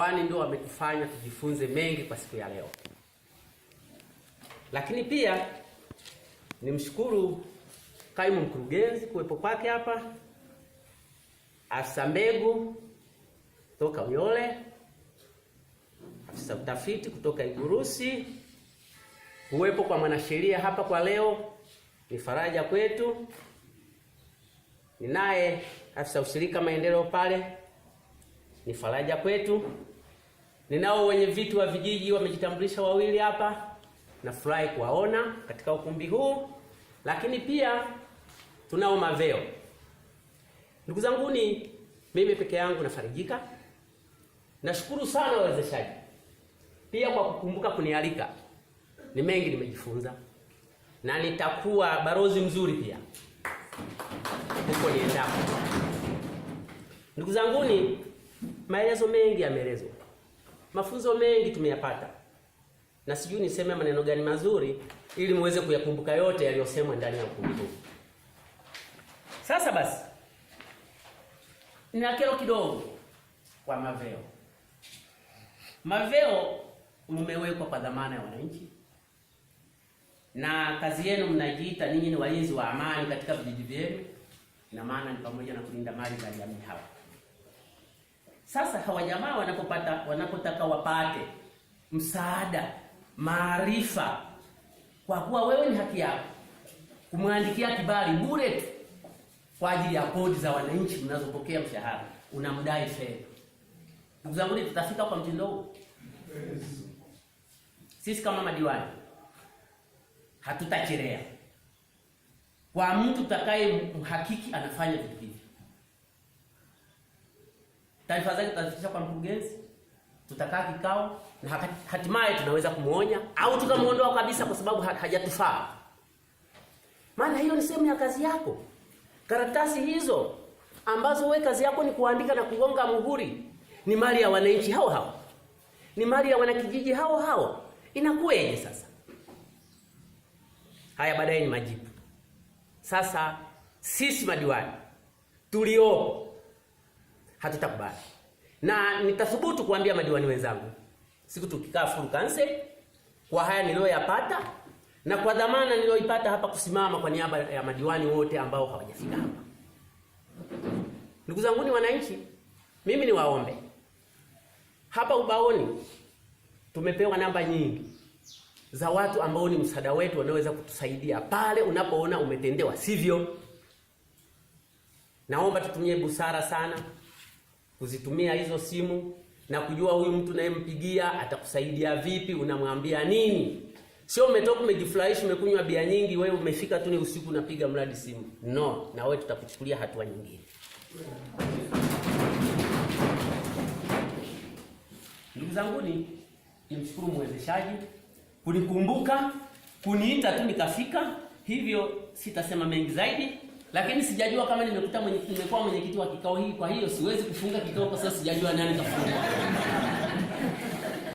kwani ndio wametufanya tujifunze mengi kwa siku ya leo. Lakini pia nimshukuru kaimu mkurugenzi kuwepo kwake hapa, afisa mbegu kutoka Uyole, afisa utafiti kutoka Igurusi, kuwepo kwa mwanasheria hapa kwa leo ni faraja kwetu. Ninaye afisa ushirika maendeleo pale ni faraja kwetu. Ninao wenye vitu wa vijiji wamejitambulisha wawili hapa, nafurahi kuwaona katika ukumbi huu, lakini pia tunao maveo. Ndugu zanguni, mimi peke yangu nafarijika. Nashukuru sana wawezeshaji pia kwa kukumbuka kunialika. Ni mengi nimejifunza, na nitakuwa barozi mzuri pia huko niendako Ndugu zanguni, maelezo mengi yameelezwa Mafunzo mengi tumeyapata, na sijui niseme maneno gani mazuri ili muweze kuyakumbuka yote yaliyosemwa ndani ya ukumbi. Sasa basi, nina kero kidogo kwa Maveo. Maveo mmewekwa kwa dhamana ya wananchi, na kazi yenu mnajiita ninyi ni walinzi wa amani katika vijiji vyenu, na maana ni pamoja na kulinda mali za jamii hapa sasa hawa jamaa wanapopata wanapotaka wapate msaada, maarifa, kwa kuwa wewe ni haki yako kumwandikia kibali bure tu kwa ajili ya kodi za wananchi mnazopokea mshahara, unamdai fedha. Ndugu zangu, tutafika kwa mtindo huu? Sisi kama madiwani hatutachelea kwa mtu takaye mhakiki anafanya vitu hivi taarifa zake tutazifikisha kwa mkurugenzi, tutakaa kikao na hatimaye tunaweza kumuonya au tukamuondoa kabisa, kwa sababu hajatufaa. Maana hiyo ni sehemu ya kazi yako. Karatasi hizo ambazo we kazi yako ni kuandika na kugonga muhuri, ni mali ya wananchi hao hao, ni mali ya wanakijiji hao hao. Inakuwaje sasa? Haya, baadaye ni majibu. Sasa sisi madiwani tuliopo hatutakubali, na nitathubutu kuambia madiwani wenzangu siku tukikaa full council kwa haya niliyoyapata na kwa dhamana niliyoipata hapa kusimama kwa niaba ya madiwani wote ambao hawajafika hapa. Ndugu zangu ni wananchi, mimi ni waombe hapa ubaoni tumepewa namba nyingi za watu ambao ni msaada wetu, wanaweza kutusaidia pale unapoona umetendewa sivyo. Naomba tutumie busara sana kuzitumia hizo simu na kujua huyu mtu nayempigia atakusaidia vipi, unamwambia nini. Sio umetoka umejifurahisha, umekunywa bia nyingi, wewe umefika tu ni usiku unapiga mradi simu. No, na wewe tutakuchukulia hatua nyingine. Ndugu zangu, ni nimshukuru mwezeshaji kunikumbuka kuniita tu nikafika, hivyo sitasema mengi zaidi lakini sijajua kama nimekuta mwenye, nimekuwa mwenyekiti wa kikao hiki, kwa hiyo siwezi kufunga kikao kwa sababu sijajua nani kafunga.